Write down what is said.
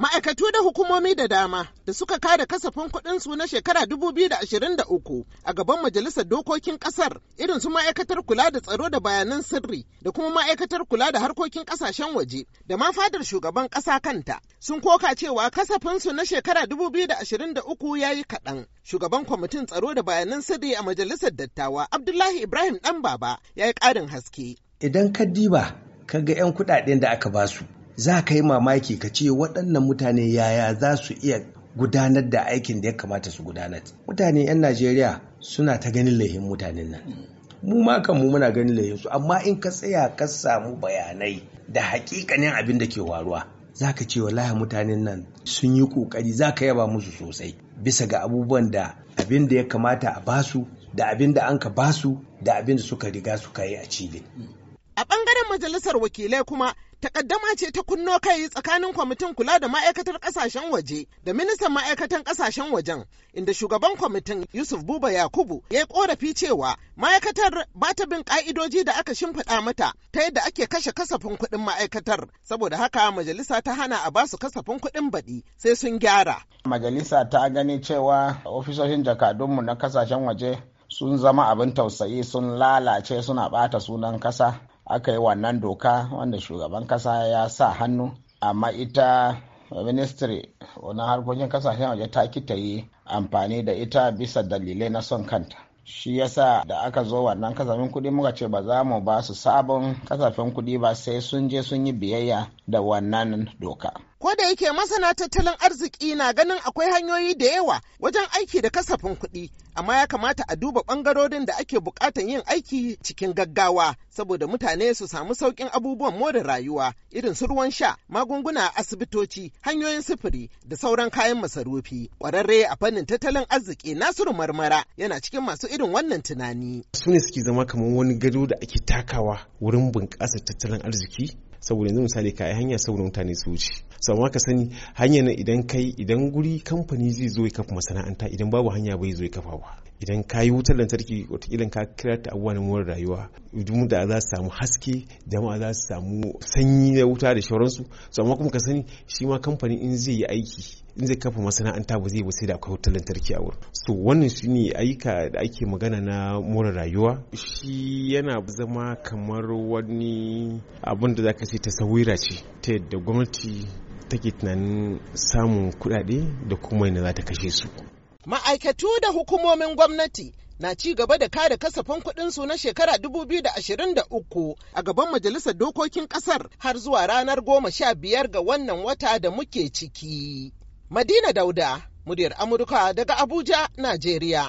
ma'aikatu da hukumomi da dama da suka kada kasafin kuɗinsu na shekara 2023 a gaban majalisar dokokin ƙasar irin su ma'aikatar kula da tsaro da bayanan sirri da kuma ma'aikatar kula da harkokin ƙasashen waje da ma fadar shugaban ƙasa kanta sun koka cewa kasafinsu na shekara 2023 ya yi kaɗan shugaban kwamitin tsaro da bayanan sirri a majalisar dattawa abdullahi ibrahim ɗan baba ya yi ƙarin haske idan ka diba ka ga 'yan kuɗaɗen da aka basu za ka yi mamaki ka ce waɗannan mutane yaya za su iya gudanar da aikin da ya kamata su gudanar mutane 'yan najeriya suna ta ganin laihin mutanen nan mu ma kanmu muna ganin lahin su amma in ka tsaya ka samu bayanai da hakikanin abin da ke waruwa za ka ce wallahi mutanen nan sun yi kokari za ka yaba musu sosai bisa ga abubuwan da abin da ya kamata a basu da abin da an ka basu da abin da suka riga suka yi a cibin a ɓangaren majalisar wakilai kuma takaddama ce ta kunno kai tsakanin kwamitin kula da ma'aikatar kasashen waje da ministan ma'aikatan kasashen wajen inda shugaban kwamitin yusuf buba yakubu ya yi korafi cewa ma'aikatar ba ta bin ka'idoji da aka shimfiɗa mata ta yadda ake kashe kasafin kuɗin ma'aikatar saboda haka majalisa ta hana a basu kasafin kuɗin baɗi sai sun gyara majalisa ta gani cewa ofisoshin jakadunmu na kasashen waje sun zama abin tausayi sun lalace suna bata sunan kasa aka yi wannan doka wanda shugaban kasa ya sa hannu amma ita ministry wani harkokin kasashen waje ta ki ta yi amfani da ita bisa dalilai na son kanta shi yasa da aka zo wannan kasafin kuɗi muka ce ba za mu ba su sabon kasafin kuɗi ba sai sun je sun yi biyayya da wannan doka ko da yake masana tattalin arziki na ganin akwai hanyoyi da yawa wajen aiki da kasafin kuɗi amma ya kamata a duba bangarorin da ake buƙatan yin aiki cikin gaggawa saboda mutane su samu sauƙin abubuwan more rayuwa irin su ruwan sha, magunguna a asibitoci, hanyoyin sufuri da sauran kayan masarufi. Ƙwararre a fannin tattalin arziki Nasiru Marmara yana cikin masu irin wannan tunani. Su ne suke zama kamar wani gado da ake takawa wurin bunƙasa tattalin arziki saboda yanzu misali ka yi hanya saboda mutane su wuce sau ma ka sani na idan kai idan guri kamfani zai zo ya kafa masana'anta idan babu hanya bai zo ya kafa ba idan ka yi wutar lantarki watakila ka kira ta abubuwa na more rayuwa idan da za su samu haske jama'a za su samu sanyi na wuta da shauransu su amma kuma ka sani shi ma kamfanin in zai yi aiki in zai kafa masana'anta ba zai ba sai da akwai wutar lantarki a wurin so wannan shi ne ayyuka da ake magana na more rayuwa shi yana zama kamar wani abin da za ka ce tasawira ce ta yadda gwamnati take tunanin samun kuɗaɗe da kuma yana za ta kashe su Ma'aikatu da hukumomin gwamnati na ci gaba da kare kasafin kuɗinsu na shekara 2023 a gaban Majalisar Dokokin Ƙasar har zuwa ranar goma sha biyar ga wannan wata da muke ciki. Madina Dauda, muryar Amurka daga Abuja, Najeriya.